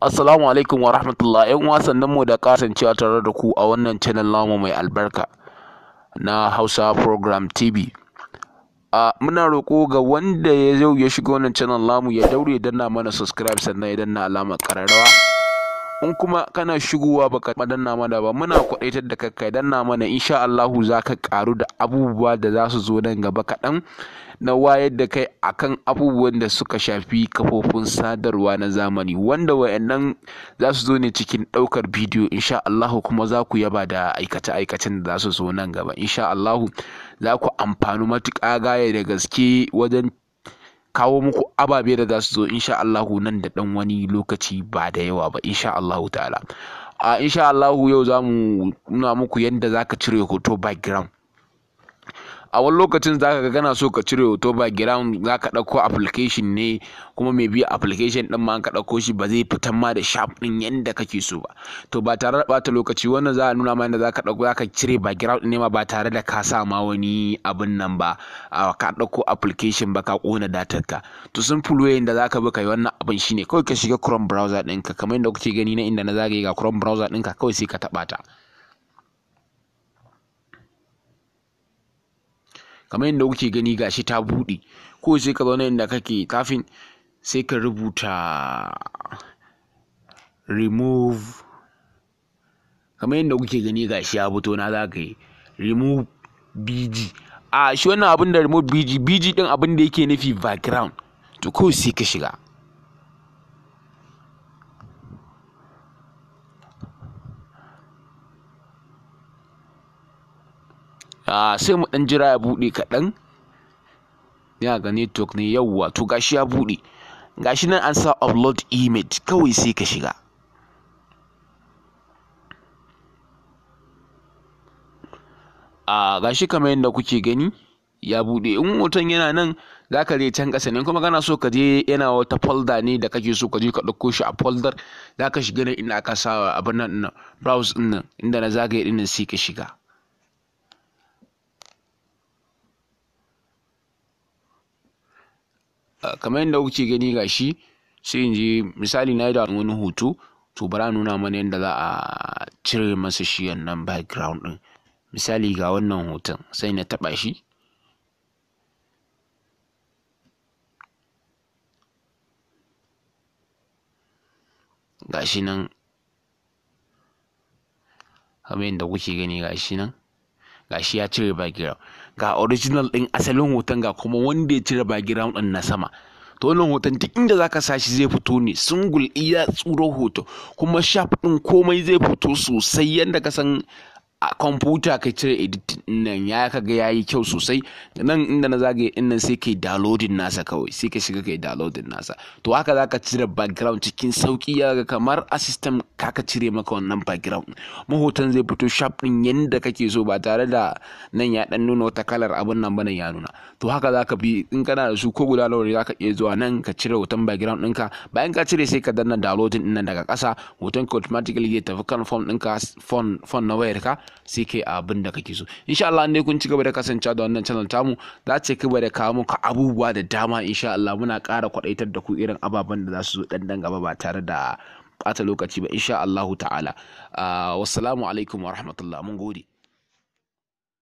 Assalamu alaikum wa rahmatullah ‘yan wasannin mu da kasancewa tare da ku a wannan channel namu mai albarka na Hausa Program TV. A muna roƙo ga wanda ya yau ya shiga wannan channel namu ya daure danna mana subscribe sannan ya danna alamar ƙararrawa. in kuma kana shigowa baka nama mana ba muna kwadaitar da kai kai danna mana insha Allahu zaka karu da abubuwa da za su zo nan gaba kaɗan na wayar da kai akan abubuwan da suka shafi kafofin sadarwa na zamani wanda wayannan za su zo ne cikin ɗaukar bidiyo insha Allahu kuma za ku yaba da aikace aikacen da za su zo nan gaba insha Allahu za ku amfanu matuƙa gaya da gaske wajen kawo muku ababe da za su zo insha Allahu nan da ɗan wani lokaci ba da yawa ba insha Allahu ta'ala a insha Allahu yau za mu nuna muku yadda za ka cire hoto background a wani lokacin za ka gana so ka cire hoto ba ground za ka ɗauko application ne kuma mai biya application ɗin ma ka ɗauko shi ba zai fitan ma da sharp ɗin yadda kake so ba to ba tare da ɓata lokaci wannan za a nuna ma yadda za ka ɗauko za ka cire background ne ma ba tare da ka sa ma wani abin nan ba ka ɗauko application ba ka ƙona datar ka to sun fi wayan za ka bi ka yi wannan abin ne kawai ka shiga chrome browser ɗinka kamar yadda kuke gani na inda na zagaye ga chrome browser ɗinka kawai sai ka taɓa ta kamar yadda kuke gani gashi ta buɗe ko sai ka zaune inda kake kafin sai ka rubuta remove kamar yadda kuke gani gashi ya fito na za ka yi remove bg a shi wannan abin da remove bg bg din abin da yake nufi background to ko sai ka shiga Ah, sai mu ɗan jira ya bude kaɗan ya ga network ne yawa to gashi ya bude gashi nan an sa upload image kawai sai ka shiga a ah, gashi kamar yadda kuke gani ya bude, in hoton yana nan za ka je can ƙasa ne kuma kana so ka je yana wata folder ne da kake so ka je ka ɗauko shi a folder za ka shiga nan inda aka sa abin nan browse ɗin nan inda na zagaye ɗin nan sai ka shiga Ah, kamar yadda kuke gani gashi sai in je misali na yi da wani hoto to bara nuna mana yadda za a cire masa shi wannan background din misali ga wannan hoton sai na taɓa shi gashi nan kamar yadda kuke gani gashi nan gashi ya cire background ga original ɗin asalin hoton ga kuma wanda ya cire background ɗin na sama to wannan hoton duk inda zaka sashi zai fito ne single iya tsuro hoto kuma shaf ɗin komai zai fito sosai yanda ka san a kwamfuta ka cire editing nan ya kaga ya yi kyau sosai nan inda na zagaye din nan sai kai downloading nasa kawai sai ka shiga kai downloading nasa to haka zaka cire background cikin sauki ya ga kamar a system kaka cire maka wannan background mahotan zai fito sharp din yanda kake so ba tare da nan ya dan nuna wata kalar abun nan bane ya nuna to haka zaka bi in kana da su ko guda nawa zaka iya zuwa nan ka cire hoton background ɗinka bayan ka cire sai ka danna downloading ɗin nan daga ƙasa hoton ka automatically zai tafi kan form ɗinka phone na wayarka sai kai abin da kake so insha Allah ne kun ci gaba da kasancewa da wannan channel tamu za ce ci da kawo muku abubuwa da dama insha Allah muna ƙara kwadaitar da ku irin ababen da za su zo dan gaba ba tare da bata lokaci ba insha Allah ta'ala ah, wassalamu alaikum wa rahmatullah mun gode